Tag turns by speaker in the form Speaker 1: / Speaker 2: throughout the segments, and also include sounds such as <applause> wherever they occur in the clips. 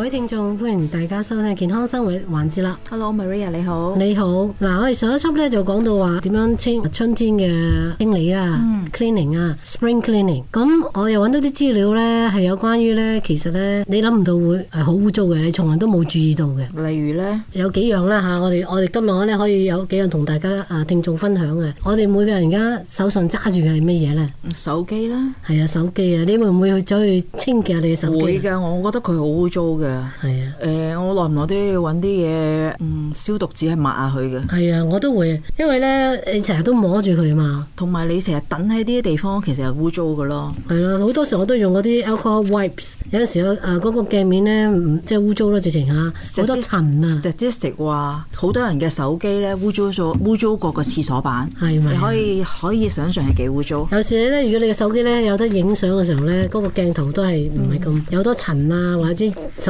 Speaker 1: 各位聽眾，歡迎大家收聽健康生活環節啦。Hello Maria，你好，你好。嗱，我哋上一輯咧就講到話點樣清春天嘅清理啦，cleaning 啊，spring cleaning。咁我又搵到啲資料咧，係有關於咧，其實咧你諗唔到會係好污糟嘅，你從來都冇注意到嘅。例如咧，有幾樣啦吓，我哋我哋今日我咧可以有幾樣同大家啊聽眾分享嘅。我哋每個人而家手上揸住係乜嘢咧？手機啦，係啊，手機啊，你會唔會去走去清潔下你嘅手機？會噶，我覺得佢好污糟嘅。係啊，誒、呃，我耐唔耐都要揾啲嘢，嗯，消毒紙去抹下佢嘅。係啊，我都會，因為咧，你成日都摸住佢嘛，同埋你成日等喺啲地方，其實係污糟嘅咯。係咯、啊，好多時候我都用嗰啲 alcohol wipes，有陣時候嗰、呃那個鏡面咧，即係污糟啦，直情嚇。好 Static，多塵啊。Statistic 話，好多人嘅手機咧污糟咗，污糟過個廁所板。係嘛、啊？你可以可以想象係幾污糟。有時咧，如果你嘅手機咧有得影相嘅時候咧，嗰、那個鏡頭都係唔係咁有多塵啊，或者。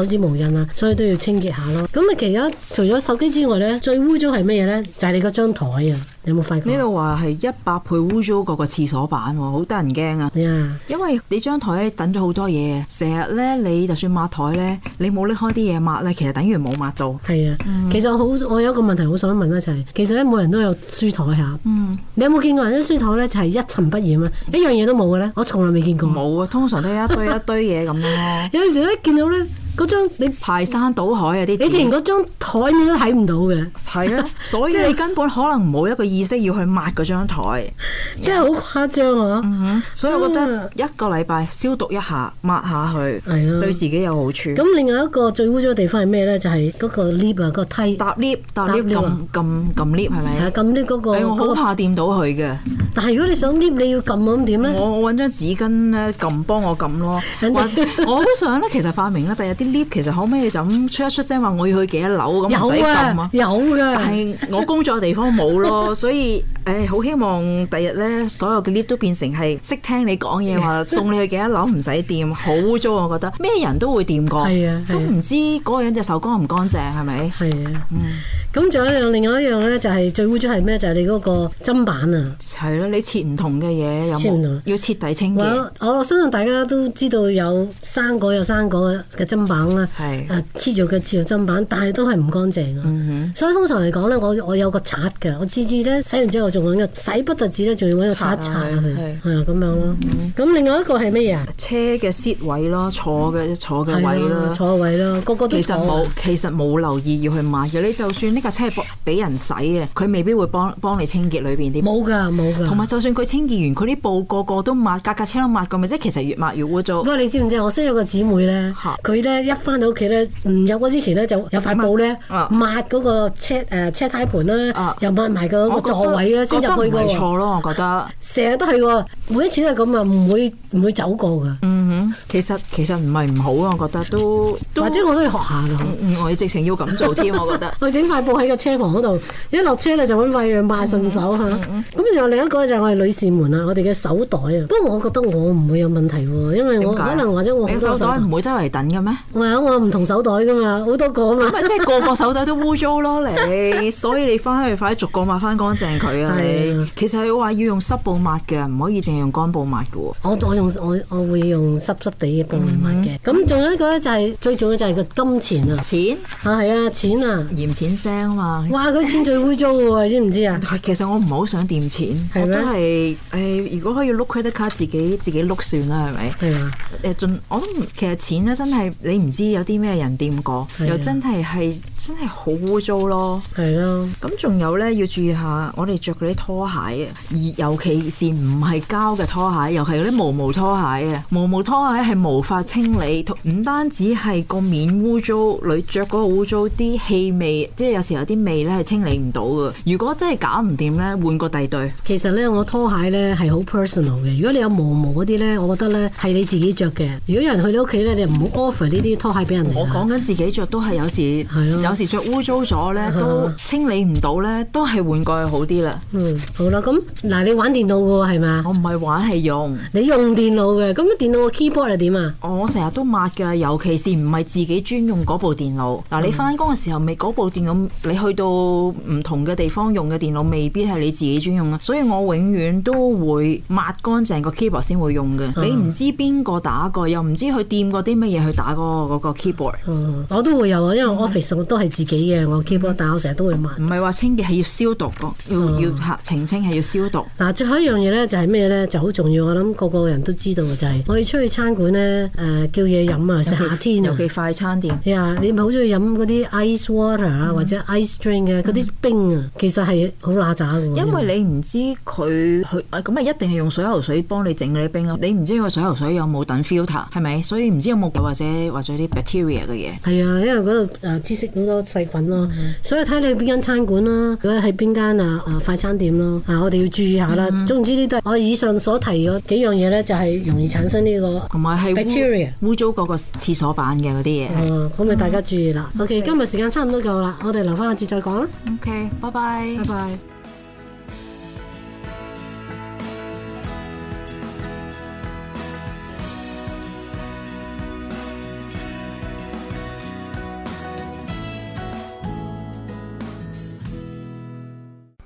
Speaker 1: 手指毛印啊，所以都要清潔下咯。咁啊，其實除咗手機之外咧，最污糟係乜嘢咧？就係、是、你嗰張台啊，你有冇發覺？呢度話係一百倍污糟過個廁所板，好得人驚啊！Yeah. 因為你張台抌咗好多嘢，成日咧你就算抹台咧，你冇拎開啲嘢抹咧，其實等於冇抹到。係啊，mm. 其實好，我有一個問題好想問一齊、就是。其實咧，每人都有書台下、mm. 你有冇見過人張書台咧，就係、是、一塵不染啊，一樣嘢都冇嘅咧？我從來未見過，冇啊，通常都一堆 <laughs> 一堆嘢咁 <laughs> 有陣時咧，見到咧。嗰張你排山倒海啊啲！你之前嗰張台面都睇唔到嘅，係啊，所以你根本可能冇一個意識要去抹嗰張台，真係好誇張啊！所以我覺得一個禮拜消毒一下，抹下去對自己有好處。咁另外一個最污糟嘅地方係咩咧？就係嗰個 lift 啊，個梯搭 lift，搭 lift 撳撳 lift 係咪？係撳 lift 嗰個。我好怕掂到佢嘅。但係如果你想 lift，你要撳咁點咧？我我揾張紙巾咧撳，幫我撳咯。我我想咧，其實發明咧，第日啲。lift 其實可唔可以就咁出一出聲，話我要去幾多樓，咁唔使撳啊？有㗎，但係我工作嘅地方冇咯，所以誒好希望第日咧所有嘅 lift 都變成係識聽你講嘢，話送你去幾多樓唔使掂。好污糟我覺得，咩人都會掂過，都唔知嗰個人隻手乾唔乾淨係咪？係啊，嗯。咁仲有一樣，另外一樣咧，就係最污糟係咩？就係你嗰個砧板啊！係咯，你切唔同嘅嘢有冇？要徹底清潔。我相信大家都知道有生果有生果嘅砧板啦，係啊，黐油嘅黐油砧板，但係都係唔乾淨啊！所以通常嚟講咧，我我有個刷嘅，我次次咧洗完之後，我仲洗不特止咧，仲要攞個刷刷落去啊，係啊，咁樣咯。咁另外一個係咩嘢啊？車嘅 seat 位咯，坐嘅坐嘅位咯，坐位咯，個個都。其實冇，其實冇留意要去買嘅。你就算架車係俾人洗嘅，佢未必會幫幫你清潔裏邊啲。冇噶，冇噶。同埋就算佢清潔完，佢啲布個個都抹，架架車都抹過咪？即係其實越抹越污糟，啊。不過你知唔知我識有個姊妹咧，佢咧一翻到屋企咧，唔入屋之前咧就有塊布咧抹嗰個車誒車胎盤啦，啊啊、又抹埋個座位啦，先入去噶。抹個，我覺得唔係錯咯，我覺得。成日都係喎，每一次都係咁啊，唔會唔會走過噶。其實其實唔係唔好啊，我覺得都，都或者我都要學下咯。我直情要咁做添，我覺得 <laughs> 我整塊布喺個車房嗰度，一落車你就搵塊嘢抹順手咁仲、嗯嗯嗯、有另一個就係我哋女士們啊，我哋嘅手袋啊。不過我覺得我唔會有問題，因為我，為我可能或者我好多手袋唔會周圍等嘅咩？唔係啊，我唔同手袋噶嘛，好多個啊嘛。即係個個手袋都污糟咯，你 <laughs> 所以你翻去快去逐個抹翻乾淨佢啊，的你。其實佢話要用濕布抹嘅，唔可以淨係用乾布抹嘅。我用我用我我會用濕。濕地嘅布料嘅，咁仲有一個咧就係最重要就係個金錢啊，錢啊係啊錢啊，嫌錢腥啊嘛，哇錢最污糟嘅，知唔知啊？其實我唔係好想掂錢，我都係誒，如果可以碌 credit 卡自己自己碌算啦，係咪？係啊，誒，盡我都其實錢咧真係你唔知有啲咩人掂過，又真係係真係好污糟咯，係咯。咁仲有咧要注意下，我哋着嗰啲拖鞋啊，而尤其是唔係膠嘅拖鞋，又係嗰啲毛毛拖鞋啊，毛毛拖鞋。係無法清理，唔單止係個面污糟，你着嗰個污糟啲氣味，即係有時有啲味咧係清理唔到嘅。如果真係搞唔掂咧，換個第二對。其實咧，我拖鞋咧係好 personal 嘅。如果你有毛毛嗰啲咧，我覺得咧係你自己着嘅。如果有人去你屋企咧，你唔好 offer 呢啲拖鞋俾人。我講緊自己着都係有時是、啊、有時着污糟咗咧都清理唔到咧，都係換個去好啲啦。嗯，好啦，咁嗱，你玩電腦嘅喎係咪？我唔係玩，係用，你用電腦嘅，咁電腦嘅 keyboard 我點啊？我成日都抹噶，尤其是唔係自己專用嗰部電腦。嗱、啊，你翻工嘅時候，咪嗰部電腦，你去到唔同嘅地方用嘅電腦，未必係你自己專用啊。所以我永遠都會抹乾淨個 keyboard 先會用嘅。Uh huh. 你唔知邊個打過，又唔知佢掂過啲乜嘢去打嗰、那個 keyboard。Uh huh. 我都會有啊，因為 office 我都係自己嘅，我 keyboard 打我成日都會抹。唔係話清潔，係要消毒噶，要澄清，係要消毒。嗱、uh huh. 啊，最後一樣嘢咧就係咩咧？就好、是、重要，我諗個個人都知道嘅就係、是、我要出去餐館咧，誒、呃，叫嘢飲啊，有夏天尤其快餐店。呀、啊，你咪好中意飲嗰啲 ice water 啊，嗯、或者 ice drink 嘅嗰啲冰啊，其實係好邋渣嘅。因為你唔知佢佢咁啊，一定係用水喉水幫你整嗰啲冰啊。你唔知個水喉水有冇等 filter，係咪？所以唔知道有冇有或者或者啲 bacteria 嘅嘢。係啊，因為嗰度誒，滋生好多細菌咯。所以睇你去邊間餐館啦、啊，如果喺邊間啊啊快餐店咯，啊，我哋要注意一下啦、啊。嗯、總之呢都係我以上所提咗幾樣嘢咧，就係、是、容易產生呢、這個。嗯同埋係污 Bacteria 污糟嗰個廁所板嘅嗰啲嘢，哦，咁咪大家注意啦。OK，今日時間差唔多夠啦，我哋留翻下次再講啦。OK，拜拜。拜拜。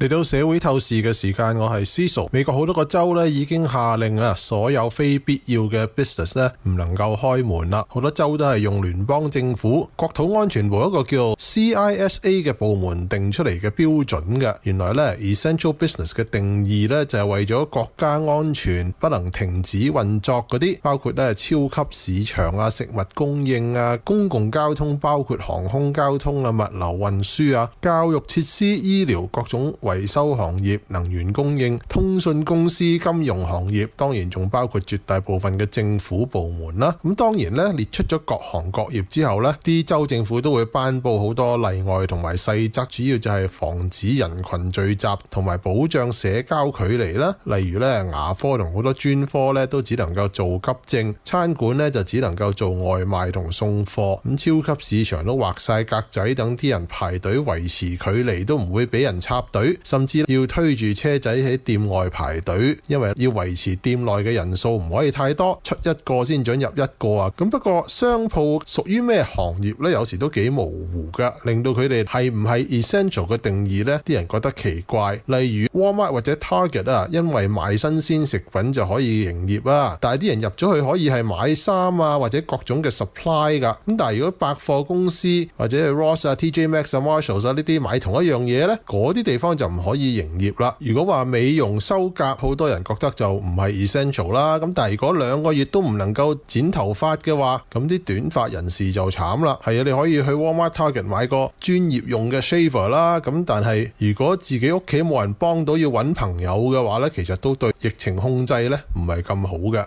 Speaker 2: 嚟到社會透視嘅時間，我係 CISO。美國好多個州咧已經下令啊，所有非必要嘅 business 咧唔能夠開門啦。好多州都係用聯邦政府國土安全部一個叫 CISA 嘅部門定出嚟嘅標準嘅。原來咧 essential business 嘅定義咧就係為咗國家安全不能停止運作嗰啲，包括咧超級市場啊、食物供應啊、公共交通，包括航空交通啊、物流運輸啊、教育設施、醫療各種維修行業、能源供應、通訊公司、金融行業，當然仲包括絕大部分嘅政府部門啦。咁當然咧，列出咗各行各業之後呢，啲州政府都會頒布好多例外同埋細則，主要就係防止人群聚集同埋保障社交距離啦。例如呢，牙科同好多專科呢都只能夠做急症，餐館呢就只能夠做外賣同送貨。咁超級市場都畫晒格仔，等啲人排隊維持距離，都唔會俾人插隊。甚至要推住車仔喺店外排隊，因為要維持店內嘅人數唔可以太多，出一個先準入一個啊！咁不過商鋪屬於咩行業呢？有時都幾模糊噶，令到佢哋係唔係 essential 嘅定義呢？啲人覺得奇怪。例如 Walmart 或者 Target 啊，因為買新鮮食品就可以營業啦，啊。但係啲人入咗去可以係買衫啊，或者各種嘅 supply 噶。咁但如果百貨公司或者係 Ross 啊、TJ Max 啊、Marshalls 啊呢啲買同一樣嘢呢，嗰啲地方就～唔可以營業啦。如果話美容修甲，好多人覺得就唔係 essential 啦。咁但係如果兩個月都唔能夠剪頭髮嘅話，咁啲短髮人士就慘啦。係啊，你可以去 Walmart Target 買個專業用嘅 shaver 啦。咁但係如果自己屋企冇人幫到，要揾朋友嘅話呢，其實都對疫情控制呢唔係咁好嘅。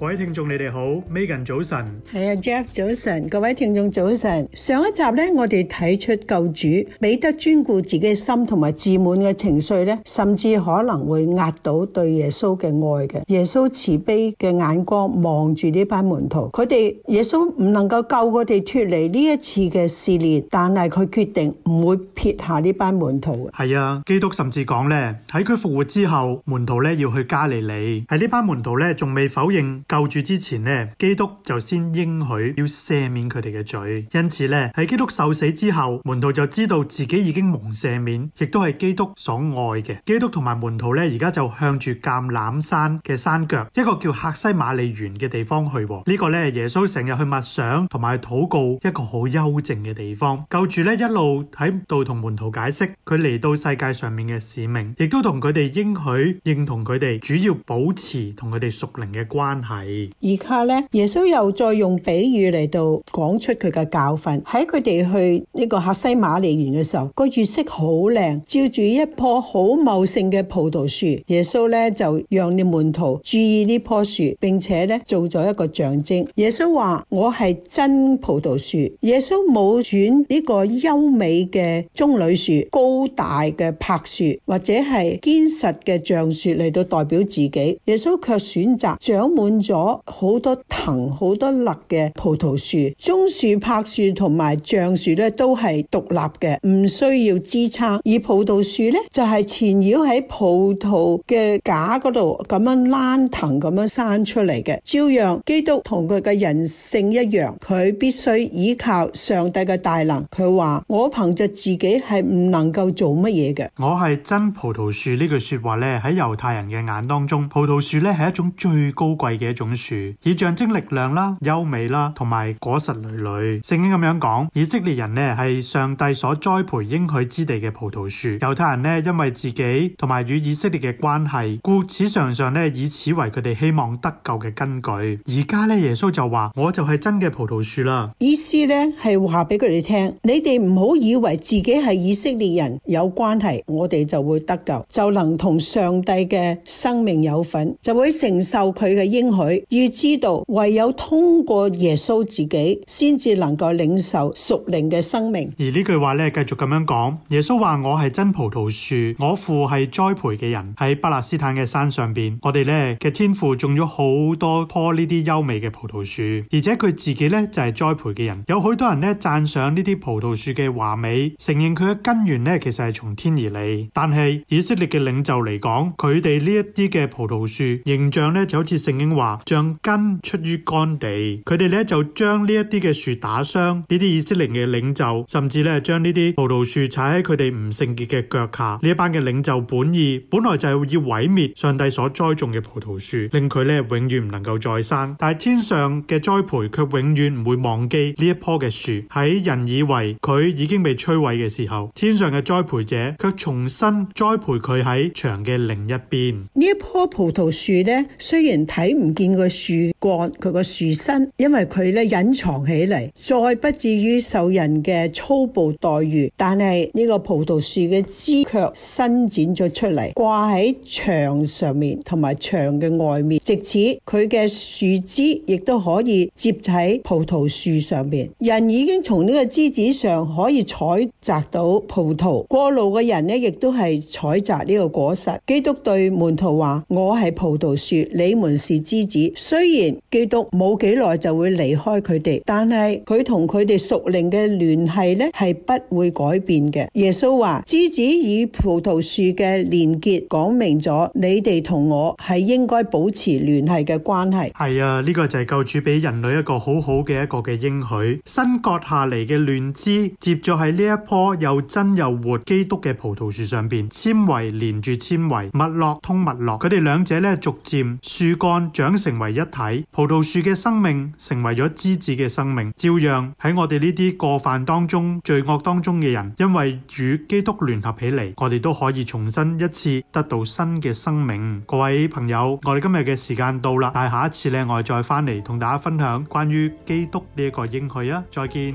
Speaker 3: 各位聽眾你哋好，Megan 早晨。
Speaker 4: 係啊，Jeff 早晨，各位聽眾早晨。上一集咧，我哋睇出救主彼得專顧自己心同埋自滿嘅情緒咧，甚至可能會壓倒對耶穌嘅愛嘅。耶穌慈悲嘅眼光望住呢班門徒，佢哋耶穌唔能夠救佢哋脫離呢一次嘅試煉，但係佢決定唔會撇下呢班門徒。
Speaker 3: 係啊，基督甚至講咧，喺佢復活之後，門徒咧要去加利利，喺呢班門徒咧仲未否認救主之前呢，基督就先應許要赦免佢哋嘅罪。因此呢，喺基督受死之後，門徒就知道自己已經蒙赦免，亦都係基督所愛嘅。基督同埋門徒呢，而家就向住橄欖山嘅山腳，一個叫客西馬尼園嘅地方去。呢個呢，耶穌成日去默想同埋禱告一個好幽靜嘅地方。救主呢，一路喺度同門徒解釋佢嚟到世界上面嘅使命，亦都同佢哋應許認同佢哋，主要保持同佢哋屬靈嘅關係。
Speaker 4: 而家咧，耶穌又再用比喻嚟到講出佢嘅教訓。喺佢哋去呢個客西馬尼園嘅時候，個月色好靚，照住一棵好茂盛嘅葡萄樹。耶穌咧就讓啲門徒注意呢棵樹，並且咧做咗一個象徵。耶穌話：我係真葡萄樹。耶穌冇選呢個優美嘅棕櫚樹、高大嘅柏樹，或者係堅實嘅橡樹嚟到代表自己。耶穌卻選擇長滿。咗好多藤，好多勒嘅葡萄樹。棕樹、柏樹同埋橡樹咧，都係獨立嘅，唔需要支撐。而葡萄樹咧，就係纏繞喺葡萄嘅架嗰度，咁樣爛藤咁樣生出嚟嘅。照樣，基督同佢嘅人性一樣，佢必須依靠上帝嘅大能。佢話，我憑着自己係唔能夠做乜嘢嘅。
Speaker 3: 我係真葡萄樹呢句說話咧，喺猶太人嘅眼當中，葡萄樹咧係一種最高貴嘅。種樹以象徵力量啦、優美啦，同埋果實累累。聖經咁樣講，以色列人呢係上帝所栽培應許之地嘅葡萄樹。猶太人呢，因為自己同埋與以色列嘅關係，故此常常呢以此為佢哋希望得救嘅根據。而家呢，耶穌就話：我就係真嘅葡萄樹啦。
Speaker 4: 意思呢係話俾佢哋聽，你哋唔好以為自己係以色列人有關係，我哋就會得救，就能同上帝嘅生命有份，就會承受佢嘅應許。要知道，唯有通過耶穌自己，先至能夠領受屬靈嘅生命。
Speaker 3: 而呢句話咧，繼續咁樣講，耶穌話：我係真葡萄樹，我父係栽培嘅人。喺巴勒斯坦嘅山上邊，我哋咧嘅天父種咗好多棵呢啲優美嘅葡萄樹，而且佢自己咧就係栽培嘅人。有許多人咧讚賞呢啲葡萄樹嘅華美，承認佢嘅根源咧其實係從天而嚟。但係以色列嘅領袖嚟講，佢哋呢一啲嘅葡萄樹形象咧就好似聖經話。將根出於乾地，佢哋咧就將呢一啲嘅樹打傷，呢啲以色列嘅領袖甚至咧將呢啲葡萄樹踩喺佢哋唔聖潔嘅腳下。呢一班嘅領袖本意本來就係要毀滅上帝所栽種嘅葡萄樹，令佢咧永遠唔能夠再生。但係天上嘅栽培卻永遠唔會忘記呢一棵嘅樹。喺人以為佢已經被摧毀嘅時候，天上嘅栽培者卻重新栽培佢喺牆嘅另一邊。
Speaker 4: 呢一棵葡萄樹咧，雖然睇唔。見個樹幹佢個樹身，因為佢咧隱藏起嚟，再不至於受人嘅粗暴待遇。但係呢個葡萄樹嘅枝卻伸展咗出嚟，掛喺牆上面同埋牆嘅外面，藉此佢嘅樹枝亦都可以接喺葡萄樹上邊。人已經從呢個枝子上可以採摘到葡萄，過路嘅人呢亦都係採摘呢個果實。基督對門徒話：我係葡萄樹，你們是枝。子雖然基督冇幾耐就會離開佢哋，但係佢同佢哋屬靈嘅聯繫呢係不會改變嘅。耶穌話：枝子與葡萄樹嘅連結講明咗，你哋同我係應該保持聯繫嘅關係。
Speaker 3: 係啊，呢個就係救主俾人類一個好好嘅一個嘅應許。新割下嚟嘅嫩枝接咗喺呢一棵又真又活基督嘅葡萄樹上邊，纖維連住纖維，脈絡通脈絡，佢哋兩者呢逐漸樹幹長成為一體，葡萄樹嘅生命成為咗枝子嘅生命，照樣喺我哋呢啲過犯當中、罪惡當中嘅人，因為與基督聯合起嚟，我哋都可以重新一次得到新嘅生命。各位朋友，我哋今日嘅時間到啦，但係下一次咧，我哋再翻嚟同大家分享關於基督呢一個應許啊！再見。